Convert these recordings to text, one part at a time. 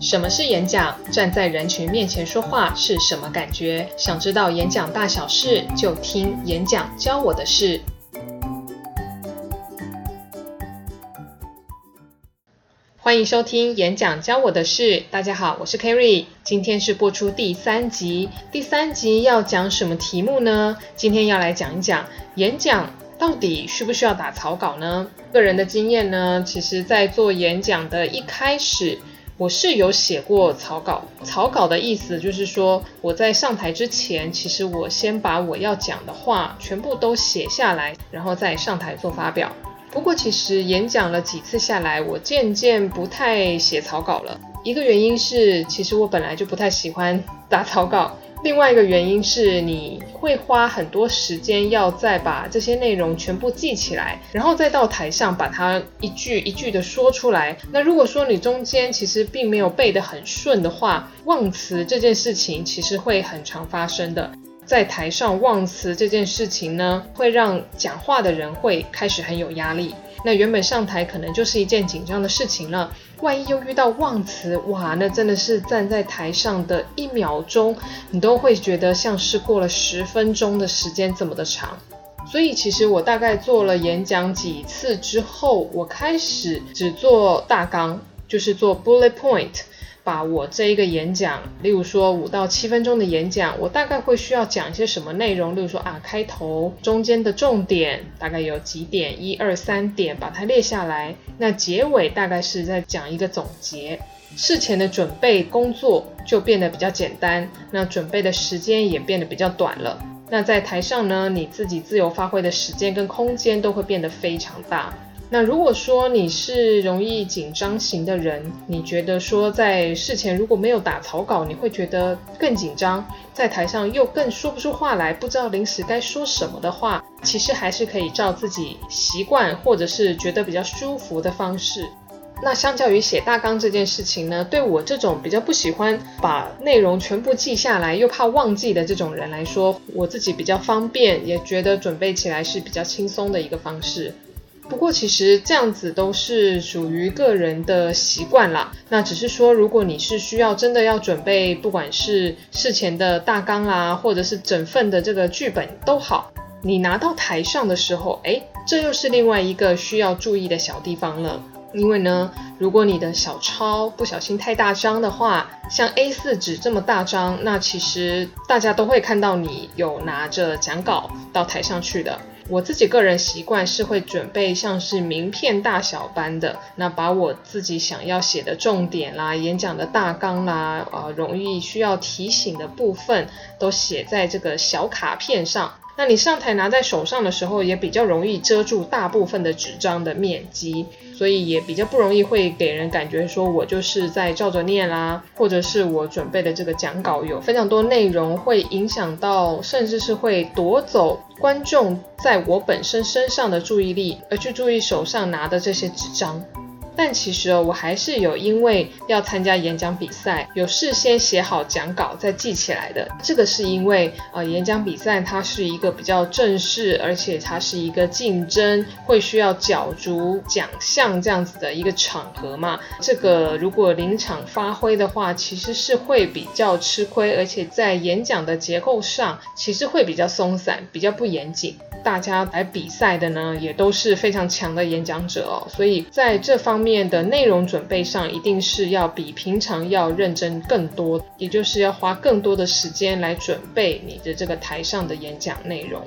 什麼是演講？站在人群面前說話是什麼感覺？想知道演講大小事，就聽《演講教我的事》。歡迎收聽《演講教我的事》。大家好，我是 Kerry，今天是播出第三集。第三集要講什麼題目呢？今天要來講一講演講到底需不需要打草稿呢？個人的經驗呢，其實在做演講的一開始。我是有寫過草稿，草稿的意思就是說，我在上台之前，其實我先把我要講的話全部都寫下來，然後再上台做發表。不過，其實演講了幾次下來，我漸漸不太寫草稿了。一個原因是，其實我本來就不太喜歡打草稿。另外一個原因是，你會花很多時間，要再把這些內容全部記起來，然後再到台上把它一句一句的說出來。那如果說你中間其實並沒有背得很順的話，忘詞這件事情其實會很常發生的。在台上忘詞這件事情呢，會讓講話的人會開始很有壓力。那原本上台可能就是一件緊張的事情了，萬一又遇到忘詞，哇，那真的是站在台上的一秒鐘，你都會覺得像是過了十分鐘的時間這麼的長。所以其實我大概做了演講幾次之後，我開始只做大綱，就是做 bullet point。把我這一個演講，例如說五到七分鐘的演講，我大概會需要講一些什麼內容？例如說啊，開頭、中間的重點大概有幾點，一二三點，把它列下來。那結尾大概是在講一個總結。事前的準備工作就變得比較簡單，那準備的時間也變得比較短了。那在台上呢，你自己自由發揮的時間跟空間都會變得非常大。那如果說你是容易緊張型的人，你覺得說在事前如果沒有打草稿，你會覺得更緊張，在台上又更說不出話來，不知道臨時該說什麼的話，其實還是可以照自己習慣或者是覺得比較舒服的方式。那相較於寫大綱這件事情呢，對我這種比較不喜歡把內容全部記下來又怕忘記的這種人來說，我自己比較方便，也覺得準備起來是比較輕鬆的一個方式。不過其實這樣子都是屬於個人的習慣啦。那只是說，如果你是需要真的要準備，不管是事前的大綱啊，或者是整份的這個劇本都好，你拿到台上的時候，誒，這又是另外一個需要注意的小地方了。因為呢，如果你的小抄不小心太大張的話，像 A4 紙這麼大張，那其實大家都會看到你有拿着講稿到台上去的。我自己個人習慣是會準備像是名片大小般的。那把我自己想要寫的重點啦、演講的大綱啦、呃，容易需要提醒的部分都寫在這個小卡片上那你上台拿在手上的時候，也比較容易遮住大部分的紙張的面積，所以也比較不容易，會給人感覺說我就是在照着念啦，或者是我準備的這個講稿有非常多內容，會影響到，甚至是會奪走觀眾在我本身身上的注意力，而去注意手上拿的這些紙張。但其實哦，我還是有因為要參加演講比賽，有事先寫好講稿再記起來的。這個是因為呃，演講比賽它是一個比較正式，而且它是一個競爭，會需要角逐獎項這樣子的一個場合嘛。這個如果臨場發揮的話，其實是會比較吃虧，而且在演講的結構上，其實會比較鬆散，比較不嚴謹。大家來比賽的呢，也都是非常強的演講者哦，所以在這方面的內容準備上，一定是要比平常要認真更多，也就是要花更多的時間來準備你的這個台上的演講內容。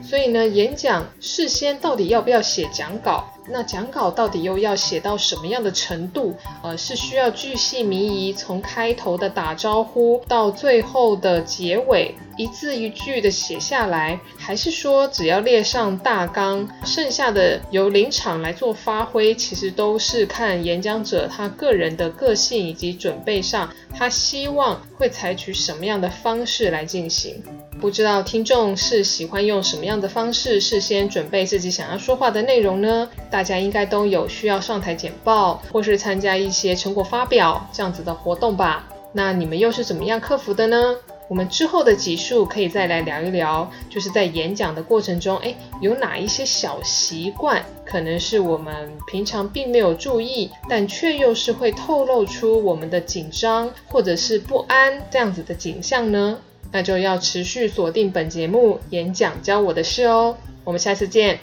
所以呢，演講事先到底要不要寫講稿？那講稿到底又要寫到什麼樣的程度？呃，是需要巨細靡遺，從開頭的打招呼到最後的結尾，一字一句的寫下來，還是說只要列上大綱，剩下的由臨場來做發揮？其實都是看演講者他個人的個性以及準備上，他希望會採取什麼樣的方式來進行。不知道聽眾是喜歡用什麼樣的方式事先準備自己想要說話的內容呢？大家應該都有需要上台簡報，或是參加一些成果發表這樣子的活動吧？那你們又是怎麼樣克服的呢？我們之後的集數可以再來聊一聊，就是在演講的過程中，誒，有哪一些小習慣可能是我們平常並沒有注意，但卻又是會透露出我們的緊張或者是不安這樣子的景象呢？那就要持續鎖定本節目《演講教我的事》哦。我們下次見。